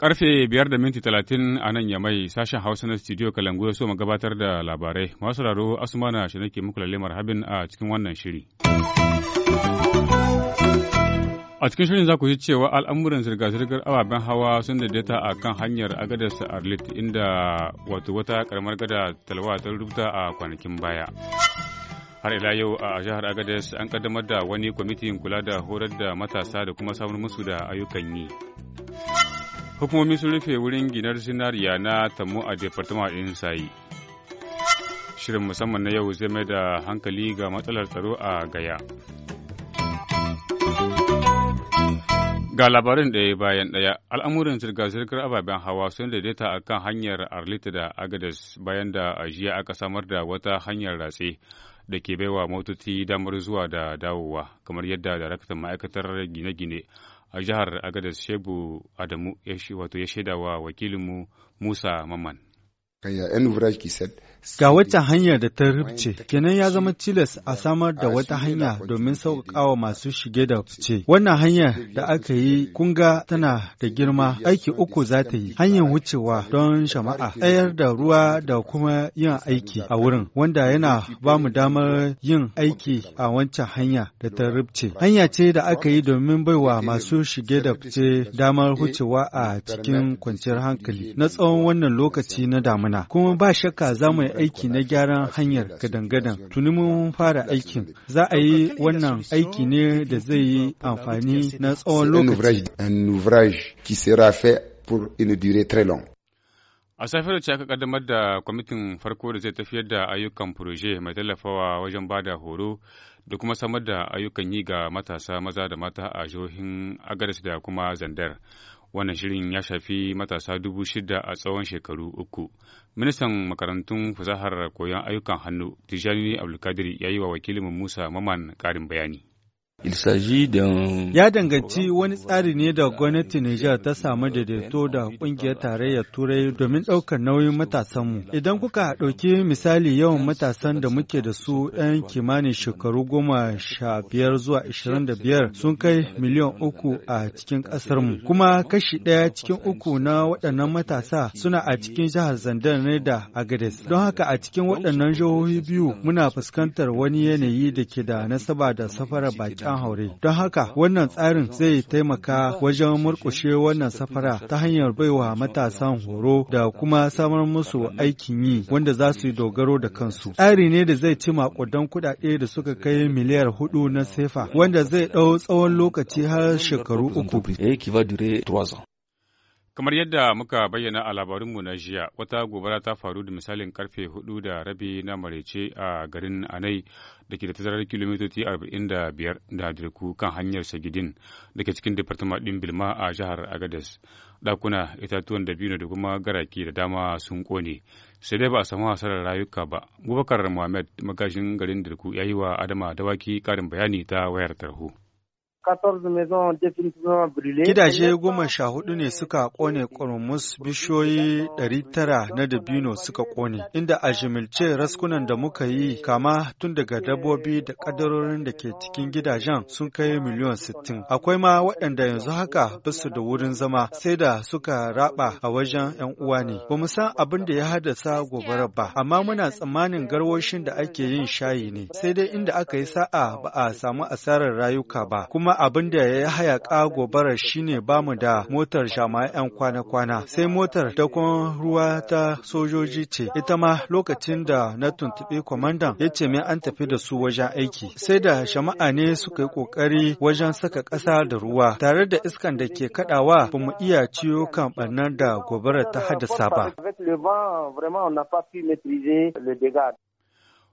Karfe biyar da minti talatin a nan ya mai sashen Hausa na studio Kalangu ya so mu gabatar da labarai. Masu raro Asumana shi nake muku lalle marhabin a cikin wannan shiri. A cikin shirin za ku ji cewa al'amuran zirga-zirgar ababen hawa sun daidaita a kan hanyar agadarsa Arlit inda wato wata karamar gada talwa ta rubuta a kwanakin baya. Har ila yau a jihar Agadez an kaddamar da wani kwamitin kula da horar da matasa da kuma samun musu da ayyukan yi. Hukumomi sun rufe wurin ginar zinariya na tamu a Departement ɗin Sayi. Shirin musamman na yau zai mai da hankali ga matsalar tsaro a Gaya. Ga labarin ɗaya bayan ɗaya, al'amuran zirga-zirgar ababen hawa sun daidaita a kan hanyar Arlita da Agadez bayan da a jiya aka samar da wata hanyar ratse da ke baiwa motoci damar zuwa da dawowa, kamar yadda daraktan ma'aikatar gine-gine a jihar Agadez Shebu Adamu ya shaida wa wakilinmu Musa Maman. Ga wata hanyar da ta rubce, kenan ya zama tilas a samar da wata hanya domin sauƙaƙawa masu shige da fice. Wannan hanyar da aka yi kunga tana da girma aiki uku za ta yi. Hanyar wucewa don shama'a, tsayar da ruwa da kuma yin aiki a wurin, wanda yana ba mu damar yin aiki a wancan hanya da ta rubce. Hanya ce da aka yi domin baiwa masu shige da fice damar wucewa a cikin kwanciyar hankali na tsawon wannan lokaci na damuna. Kuma ba shakka za mu aiki na gyaran hanyar gadan-gadan. Tuni mun fara aikin. Za a yi wannan aiki ne da zai yi amfani na tsawon lokaci. A safiyar ce aka kaddamar da kwamitin farko da zai tafiyar da ayyukan proje mai tallafawa wajen ba da horo da kuma samar da ayyukan yi ga matasa maza da mata a jihohin agaris da kuma zandar. Wannan shirin ya shafi matasa dubu shida a tsawon shekaru uku. Ministan makarantun fasahar koyon ayyukan hannu Tijjani Abdulkadir ya yi wa wakilin Musa Maman ƙarin bayani. Ya danganci wani tsari ne da gwamnatin Nijar ta samu daidaito da kungiyar tarayyar Turai domin ɗaukar nauyin matasanmu. Idan kuka ɗauki misali yawan matasan da muke da su 'yan kimanin shekaru goma sha biyar zuwa ishirin da biyar sun kai miliyan uku a cikin ƙasarmu. Kuma kashi ɗaya cikin uku na waɗannan matasa suna a cikin jihar Zandar ne da Agades. Don haka a cikin waɗannan jihohi biyu muna fuskantar wani yanayi da ke da nasaba da safarar baƙi kan haure. Don haka wannan tsarin zai taimaka wajen murƙushe wannan safara ta hanyar baiwa matasan horo da kuma samar musu aikin yi wanda za su yi dogaro da kansu. Tsari ne da zai ci maƙudan kuɗaɗe da suka kai miliyar hudu na sefa wanda zai ɗau tsawon lokaci har shekaru uku. Kamar yadda muka bayyana a labarinmu na jiya, wata gobara ta faru da misalin karfe hudu da rabi na marece a garin Anai da ke da tazarar kilomitoci arba'in da biyar da dirku kan hanyar Sagidin da ke cikin Departement ɗin Bilma a jihar Agadez. dakuna itatuwan da biyu da kuma garaki da dama sun kone Sai dai ba a samu hasarar rayuka ba. Bubakar Muhammad magajin garin dirku ya yi wa Adama Dawaki ƙarin bayani ta wayar tarho. Gidaje goma sha hudu ne suka kone ƙorumus bishiyoyi 900 na dabino suka kone, inda a jimilce raskunan da muka yi kama tun daga dabbobi da ƙadarorin da ke cikin gidajen sun kai miliyan sittin. Akwai ma waɗanda yanzu haka basu da wurin zama sai da suka raba a wajen 'yan uwa ne. Ba mu san abin da ya haddasa gobarar ba, amma muna tsammanin garwashin da ake yin shayi ne, sai dai inda aka yi sa'a ba a samu asarar rayuka ba, kuma kuma abin da ya haya gobarar shine bamu da motar jama'an 'yan kwana-kwana sai motar da kuma ruwa ta sojoji ce ita ma lokacin da na tuntuɓi kwamandan ya ce min an tafi da su wajen aiki sai da jama'a ne suka yi ƙoƙari wajen saka ƙasa da ruwa tare da iskan da ke kaɗawa ba mu iya ciyo kan ɓannar da gobarar ta haddasa ba.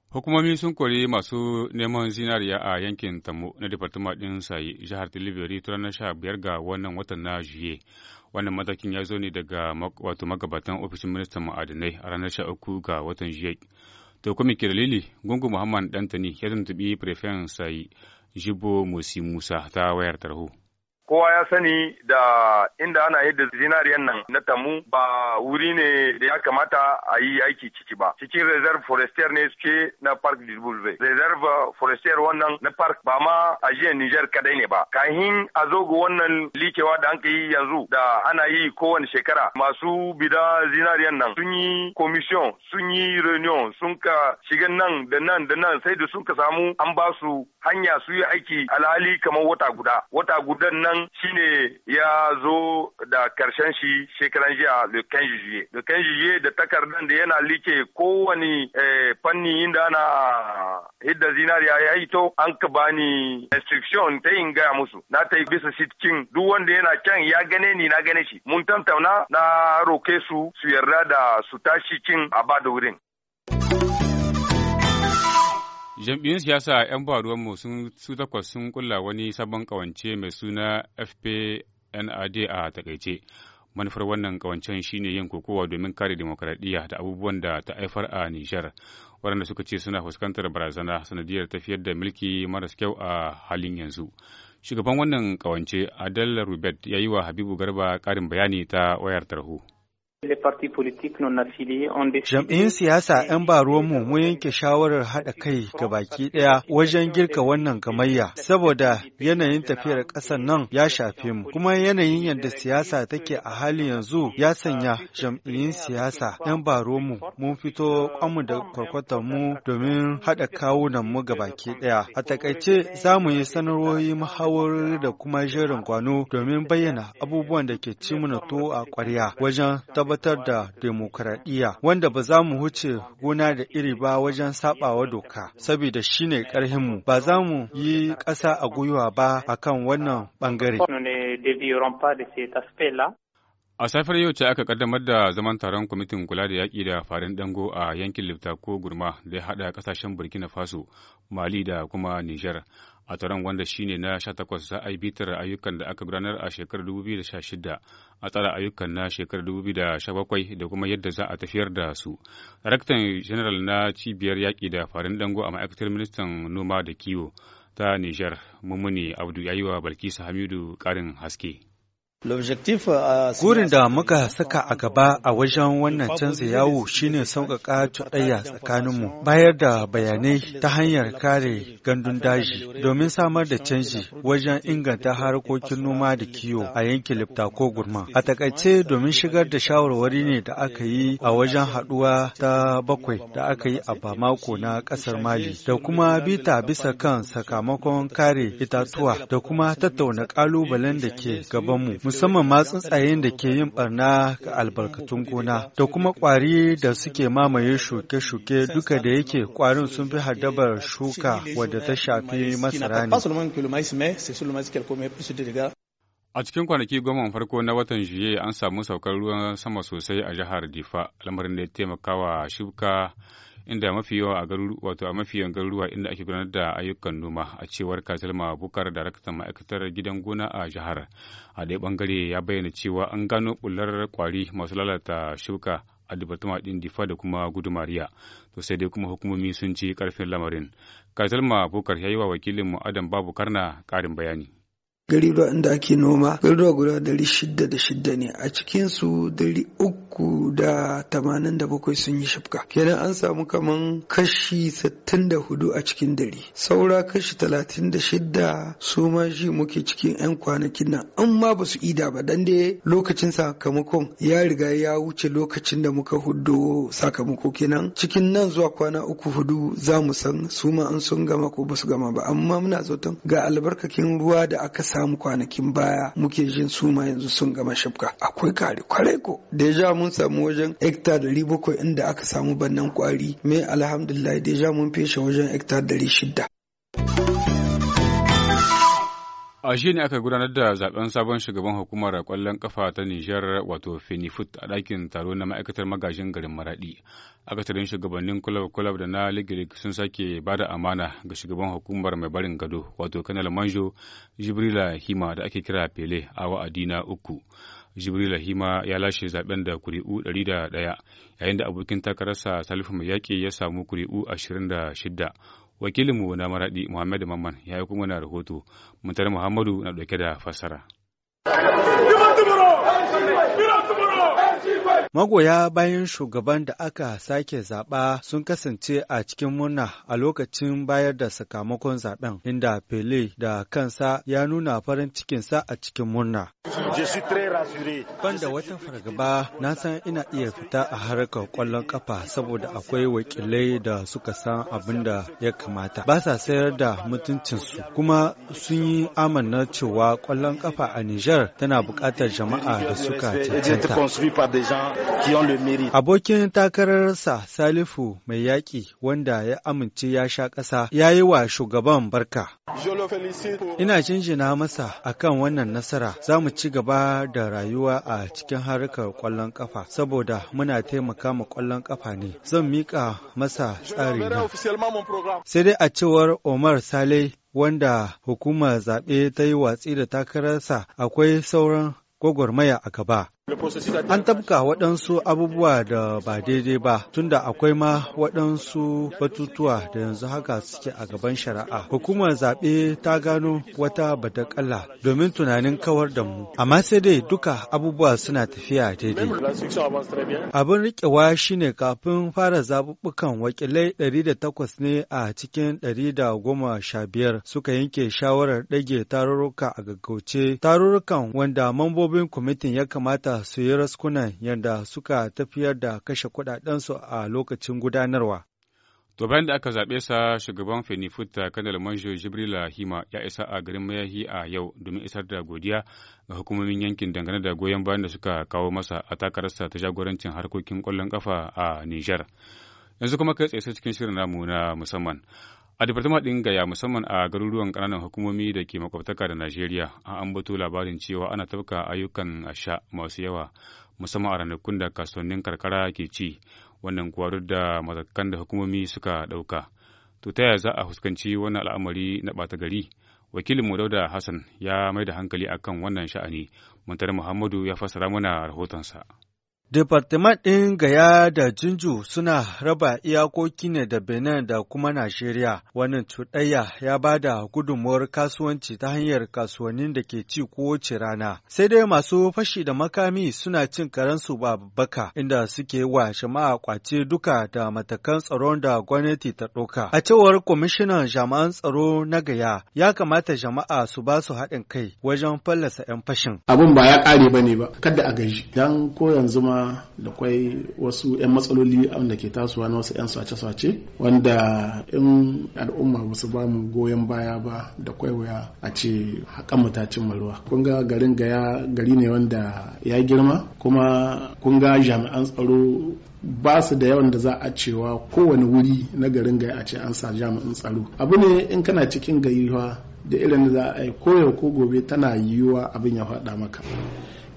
Hukumomi sun kori masu neman zinariya a yankin Tamo na Departima ɗin Sayi, jihar Tilibiri ta ranar sha biyar ga wannan watan na Juye. Wannan matakin ya zo ne daga wato magabatan ofishin ministan ma'adinai a ranar sha uku ga watan Juye. To kuma ke dalili gungun Muhammad Dantani ya tuntuɓi Prefen Sayi Jibo Musi Musa ta wayar tarho. kowa ya sani da inda ana yadda zinariyan nan na tamu ba wuri ne da ya kamata a yi aiki ciki ba cikin reserve forestier ne suke na park disbulve reserve forestier wannan na park ba ma a jiya niger kadai ne ba kahin a zo wannan likewa da an yi yanzu da ana yi kowane shekara masu bida zinariyan nan sun yi commission sun yi reunion sun ka shiga nan da nan da nan sai da sun ka samu an ba su hanya su yi aiki alhali kamar wata guda wata gudan nan shine ya zo da karshen shi shekaran jiya le 15 juillet le 15 da takardan da yana like kowani eh, fanni inda ana hidda zinariya ya to an ka bani instruction ta yin gaya musu na ta yi bisa sitkin duk wanda yana can ya gane ni na gane shi mun tantauna na roke su su yarda da su tashi cin a ba wurin jam'iyyun siyasa 'yan baruwanmu sun su takwas sun kulla wani sabon kawance mai suna fpnad a takaice manufar wannan kawancen shine yin kokowa domin kare demokradiyya da abubuwan da ta haifar a nijar waɗanda suka ce suna fuskantar barazana sanadiyar tafiyar da mulki maras kyau a halin yanzu shugaban wannan kawance adal rubet ya yi wa habibu garba karin bayani ta wayar tarho. Jam'in siyasa 'yan ba mu mun yanke shawarar haɗa kai ga baki ɗaya wajen girka wannan gamayya saboda yanayin tafiyar ƙasar nan ya shafe mu kuma yanayin yadda siyasa take a hali yanzu ya sanya jam'iyyun siyasa 'yan ba mu mun fito kwamu da kwarkwatar mu domin haɗa kawunan mu ga baki ɗaya. A takaice za mu yi sanarwoyi muhawarori da kuma jerin kwano domin bayyana abubuwan da ke ci na to a ƙwarya wajen tabbatar da demokradiyya wanda ba za mu huce gona da iri ba wajen sabawa doka saboda ne karhinmu ba za mu yi ƙasa a gwiwa ba akan wannan bangare A safiyar yau ce aka kaddamar da zaman taron kwamitin kula da yaƙi da farin dango a yankin Liftako Gurma da ya haɗa ƙasashen Burkina Faso, Mali da kuma Nijar. A taron wanda shine na 18 za a yi bitar ayyukan da aka gudanar a shekarar 2016 a tsara ayyukan na shekarar 2017 da kuma yadda za a tafiyar da su. Daraktan General na cibiyar yaƙi da farin dango a ma'aikatar ministan noma da kiwo ta Nijar, Mumuni Abdu ya wa Balkisa Hamidu ƙarin haske. Euh, Gurin da muka saka a gaba a wajen wannan canza yawo shine sauƙaƙa cuɗayya tsakaninmu, bayar da bayanai ta hanyar kare gandun daji domin samar da canji wajen inganta harkokin noma da kiwo a yankin Lipta ko Gurma. A takaice domin shigar da shawarwari ne da aka yi a wajen haɗuwa ta bakwai da aka yi a Bamako na ƙasar Mali da kuma bita bisa kan sakamakon kare itatuwa da kuma tattauna ƙalubalen da ke gabanmu. musamman ma tsuntsayen da ke yin barna ga albarkatun gona da kuma kwari da suke mamaye shuke-shuke duka da yake kwarin sun fi haddabar shuka wadda ta shafi masara ne. A cikin kwanaki goma farko na watan Juye an samu saukar ruwan sama sosai a jihar Difa, lamarin da ya taimakawa shuka inda mafi yawa a garuru wato a mafiyan garuruwa inda ake gudanar da ayyukan noma a cewar kasalma Bukar daraktan ma'aikatar gidan gona a jihar. A ɗaya bangare ya bayyana cewa an gano bullar kwari masu lalata shuka a dipartama ɗin difa da kuma gudumariya to sai dai kuma hukumomi sun ci karfin lamarin kasalma bukar ya yi wa wakilinmu adam babu karna ƙarin bayani garuruwa inda ake noma ruwa guda dari shida da shida ne a cikinsu dari uku da tamanin da bakwai sun yi shifka kenan an samu kaman kashi sittin da hudu a cikin dari saura kashi talatin da shida su ma shi muke cikin yan kwanakin nan an ma ba su ida ba dan dai lokacin sakamakon ya riga ya wuce lokacin da muka hudo sakamako kenan cikin nan zuwa kwana uku hudu za mu san su ma an sun gama ko ba su gama ba amma muna zaton ga albarkakin ruwa da aka samu kwanakin baya muke jin suma yanzu sun gama shifka akwai kare kwarai ko deja mun samu wajen hekta dari bakwai inda aka samu bannan kwari me alhamdulillah deja mun feshe wajen hekta dari shida. A shi ne aka gudanar da zaben sabon shugaban hukumar kwallon kafa ta Nijar wato Fenifut a ɗakin taro na ma'aikatar magajin garin Maraɗi. Akatarin shugabannin kulab-kulab da na ligirik sun sake ba da amana ga shugaban hukumar mai barin gado wato Kanal Manjo Jibrila Hima da ake kira Pele a wa'adi na uku. Jibrila Hima ya lashe zaben da kuri'u da ɗaya yayin da abokin takararsa Salifu Mai Yaƙi ya samu kuri'u ashirin da shida wakilinmu na maraɗi muhammadu mamman ya yi kuma na rahoto muntar muhammadu na dauke da fassara Magoya bayan shugaban da aka sake zaɓa sun kasance a cikin murna a lokacin bayar da sakamakon zaɓen, inda Pele da kansa ya nuna farin cikinsa a cikin murna. Ban da wata fargaba na san ina iya fita a harkar kwallon kafa saboda akwai wakilai da suka san abin da ya kamata. Ba sa sayar da mutuncinsu kuma sun yi amana cewa ƙwallon kafa a Nijar tana buƙatar jama'a da suka cancanta. Abokin takararsa Salifu mai yaƙi wanda ya amince ya sha ƙasa ya yi wa shugaban barka. Ina jinjina masa a kan wannan nasara za mu ci gaba da rayuwa a cikin harkar ƙwallon ƙafa saboda muna taimaka ma ƙwallon ƙafa ne zan miƙa masa tsari Sai dai a cewar Omar Saleh wanda hukumar zaɓe ta yi watsi da takararsa akwai sauran gwagwarmaya a gaba. An tabka waɗansu abubuwa da ba daidai ba tunda akwai ma waɗansu batutuwa da yanzu haka suke a gaban shari'a. Hukumar zaɓe ta gano wata badakala domin tunanin kawar da mu. Amma sai dai duka abubuwa suna tafiya daidai. Abin riƙewa shine kafin fara zaɓuɓɓukan wakilai da takwas ne a cikin da goma sha biyar, suka yanke shawarar ɗage tarurruka a gaggauce. Tarurrukan wanda mambobin kwamitin ya kamata su yi raskunan yadda suka tafiyar da kashe kudadensu a lokacin gudanarwa. To bayan da aka zaɓe sa shugaban Fenifuta Kanal Manjo jibril Hima ya isa a garin Mayahi a yau domin isar da godiya ga hukumomin yankin dangane da goyon bayan da suka kawo masa a takararsa ta jagorancin harkokin ƙwallon ƙafa a Nijar. Yanzu kuma kai tsaye cikin shirin namu na musamman. A Departement ɗin Gaya musamman a garuruwan kananan hukumomi da ke makwabtaka da Najeriya an ambato labarin cewa ana tafka ayyukan asha masu yawa musamman a ranakun da kasuwannin karkara ke ci wannan kwarar da matakan da hukumomi suka ɗauka. To ta yaya za a fuskanci wannan al'amari na ɓata gari? Wakilinmu Dauda Hassan ya mai da hankali akan wannan sha'ani, Muntar Muhammadu ya fassara mana rahotonsa. Departement ɗin Gaya da Jinju suna raba iyakoki ne da Benin da kuma Najeriya. Wannan cuɗayya ya ba da gudunmuwar kasuwanci ta hanyar kasuwannin da ke ci kowace rana. Sai dai masu fashi da makami suna cin karansu ba baka inda suke wa jama'a kwace duka da matakan tsaron da gwamnati ta ɗauka. A cewar kwamishinan Jama'an tsaro na Gaya, ya kamata jama'a su ba su haɗin kai wajen fallasa 'yan fashin. Abun ba ya ƙare ba ne ba, kada a gaji. Dan ko yanzu ma da kwai wasu 'yan matsaloli wanda ke tasowa na wasu 'yan sace-sace wanda in al'umma ba su bamu goyon baya ba da kwai wuya a ce haƙan matacin ruwa kun ga garin gaya gari ne wanda ya girma kuma kun ga jami'an tsaro ba su da yawan da za a cewa kowane wuri na garin gaya a ce an sa jami'an tsaro abu ne in kana cikin gari da irin da za a yi ko yau ko gobe tana yiwuwa abin ya faɗa maka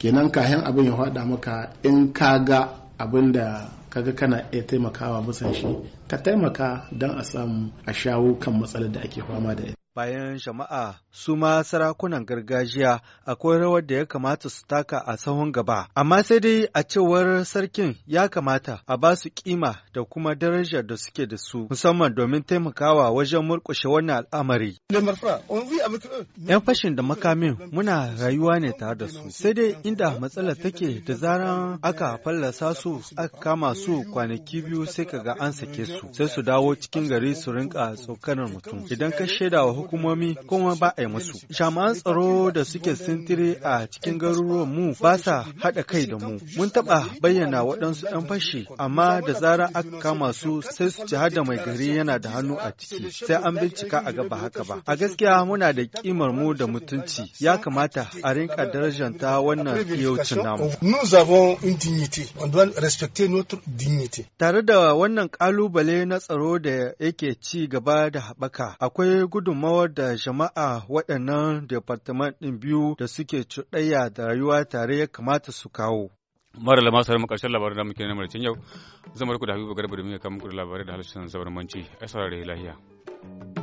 kenan kayan abin ya faɗa maka in ka ga abin da kaga kana iya taimakawa bisan shi ka taimaka don a samu a shawo kan matsalar da ake fama da ita bayan jama'a su ma sarakunan gargajiya akwai rawar da ya kamata su taka a sahun gaba amma sai dai a cewar sarkin ya kamata a ba su kima da kuma daraja da suke da su musamman domin taimakawa wajen murƙushe wannan al'amari yan fashin da makamin muna rayuwa ne tare da su sai dai inda matsala take da zaran aka fallasa su aka kama su kwanaki biyu sai kaga an sake su sai su dawo cikin gari su rinka tsokanar mutum idan ka shaida wa hukumomi kuma ba a yi musu. Jami'an tsaro da suke sintiri a cikin garuruwan mu ba sa haɗa kai da mu. Mun taɓa bayyana waɗansu ɗan fashi amma da zarar aka kama su sai su ci da mai gari yana da hannu a ciki sai an bincika a gaba haka ba. A gaskiya muna da kimar mu da mutunci ya kamata a rinka darajanta wannan fiyaucin namu. Tare da wannan ƙalubale na tsaro da yake ci gaba da haɓaka akwai gudunmawar gudunmawar da jama'a waɗannan departament ɗin biyu da suke cuɗayya da rayuwa tare ya kamata su kawo. mara lama sauran makarshen labarai da muke nemar cin yau zan ku da habibu garba da muke kama muku da labarai da halashin zabar manci a saurare lahiya.